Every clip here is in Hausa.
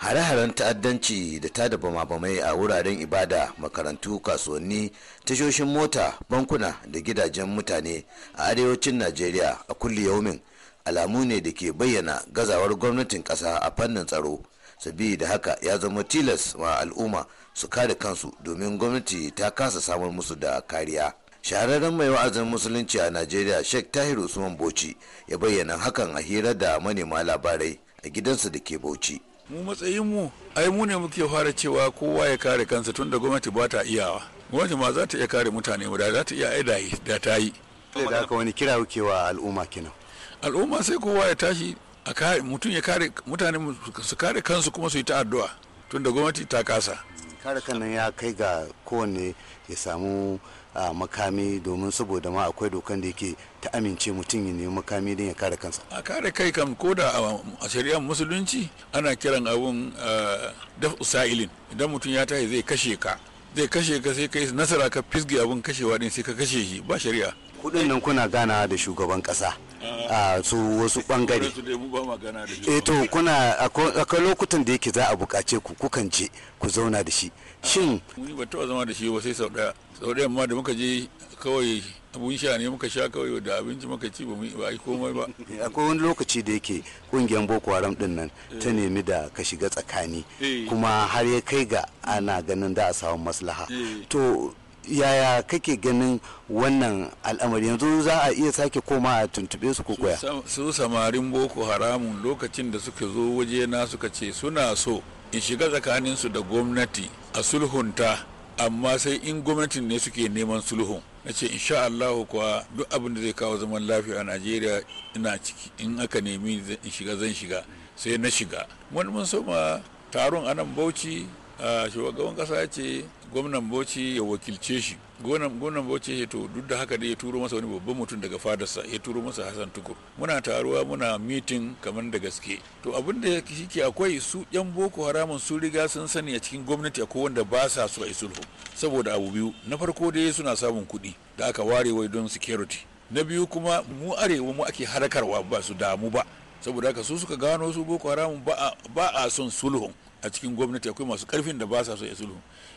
hare-haren ta'addanci da ta da bama-bamai a wuraren ibada makarantu kasuwanni tashoshin mota bankuna da gidajen mutane a arewacin najeriya a kulli yaumin alamu ne da ke bayyana gazawar gwamnatin ƙasa a fannin tsaro sabida haka ya zama tilas ma al'umma su kare kansu domin gwamnati ta kasa samar musu da kariya shahararren mai wa'azin musulunci a najeriya sheikh tahir usman bauchi ya bayyana hakan a hira da manema labarai a gidansa da ke bauchi mu matsayinmu ai mu ne muke fara cewa kowa ya kare kansa tunda gwamnati ba ta iyawa gwamnati ma za ta iya kare mutane da za ta iya ai da ta yi da ka wani kira kuke wa al'umma kenan al'umma sai kowa ya tashi a kare mutum ya kare mutane su kare kansu kuma su yi ta addu'a tunda gwamnati ta kasa kare kan nan ya kai ga kowanne ya samu makami domin saboda ma akwai dokan da yake ta amince mutum ya nemi makami don ya kare kansa a kare kai kam ko da a shari'ar musulunci ana kiran abun daf usailin idan mutum ya tashi zai kashe ka zai kashe ka sai kai nasara ka fisge abun kashewa din sai ka kashe shi ba shari'a kudin nan kuna ganawa da shugaban kasa a su wasu bangare Eto eh kuna akwai lokutan da yake za a bukace ku kukan je ku zauna da shi shin mun ba taɓa zama da shi ba sai sau ɗaya sau ɗaya amma da muka je kawai abun sha ne muka sha kawai da abinci muka ci ba a yi komai ba eh, akwai wani lokaci da yake kungiyar boko haram din nan ta eh. nemi da ka shiga tsakani kuma har ya kai ga ana ganin da a samu maslaha to yaya kake ganin wannan al'amari yanzu za a iya sake koma a tuntube su ko koya su samarin boko haramun lokacin da suka zo waje na suka ce suna so in shiga tsakaninsu da gwamnati a sulhunta amma sai in gwamnatin ne suke neman sulhun na ce insha Allah kuwa duk abin da zai kawo zaman lafiya a Najeriya ina ciki in aka nemi in shiga zan shiga sai na shiga wani mun so ma taron anan Bauchi shugaban kasa ya ce gwamnan bauchi ya wakilce shi gwamnan bauchi ya to duk da haka dai ya turo masa wani babban mutum daga fadarsa ya turo masa hassan tukur muna taruwa muna mitin kamar da gaske to abin da ke akwai su yan boko haramun su riga sun sani a cikin gwamnati akwai wanda ba sa so a yi sulhu saboda abu biyu na farko dai suna samun kuɗi da aka ware wai don security na biyu kuma mu arewa mu ake harakarwa ba su damu ba saboda haka su suka gano su boko haramun ba a son sulhu. a cikin gwamnati akwai masu karfin da ba sa so ya sulhu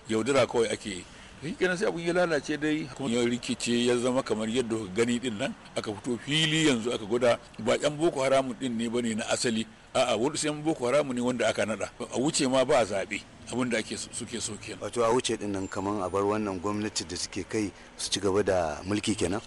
yaudara kawai ake yi shikenan sai abun ya lalace dai kuma ya rikice ya zama kamar yadda gani din nan aka fito fili yanzu aka gwada ba yan boko haramun din ne bane na asali a'a wani sai yan boko haramu ne wanda aka nada a wuce ma ba zabe abin da ake suke so kenan wato a wuce din nan kaman a bar wannan gwamnati da suke kai su ci gaba da mulki kenan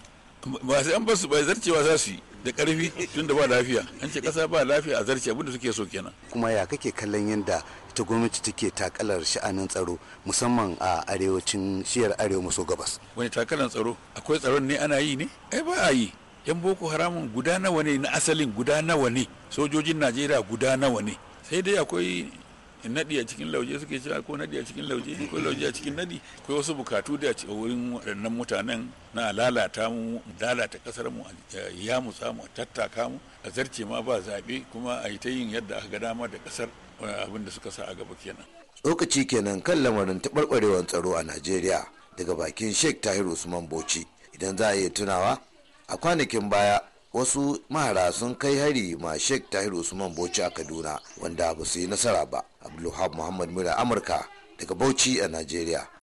ba sai an ba su bai zartewa za su da karfi tunda ba lafiya an ce kasa ba lafiya a zarce abinda suke so kenan kuma ya kake kallon yadda ita gwamnati take takalar sha'anin tsaro musamman a arewacin shiyar arewa maso gabas wani takalar tsaro akwai tsaron ne ana yi ne ai ba a yi yan boko haramun guda nawa ne na asalin guda nawa ne sojojin najeriya guda nawa ne sai dai akwai naɗi a cikin lauje suke cewa ko naɗi a cikin lauje ko lauje a cikin nadi ko wasu bukatu da a wurin waɗannan mutanen na lalata mu lalata kasar mu ya mu samu a tattaka mu a zarce ma ba zaɓe kuma a yi ta yin yadda aka ga dama da kasar abin da suka sa a gaba kenan. lokaci kenan kan lamarin taɓarɓarewar tsaro a najeriya daga bakin sheikh tahir usman bauchi idan za a iya tunawa a kwanakin baya wasu mahara sun kai hari ma sheikh tahir usman bauchi a kaduna wanda ba su yi nasara ba abdulhab muhammad mura amurka daga bauchi a nigeria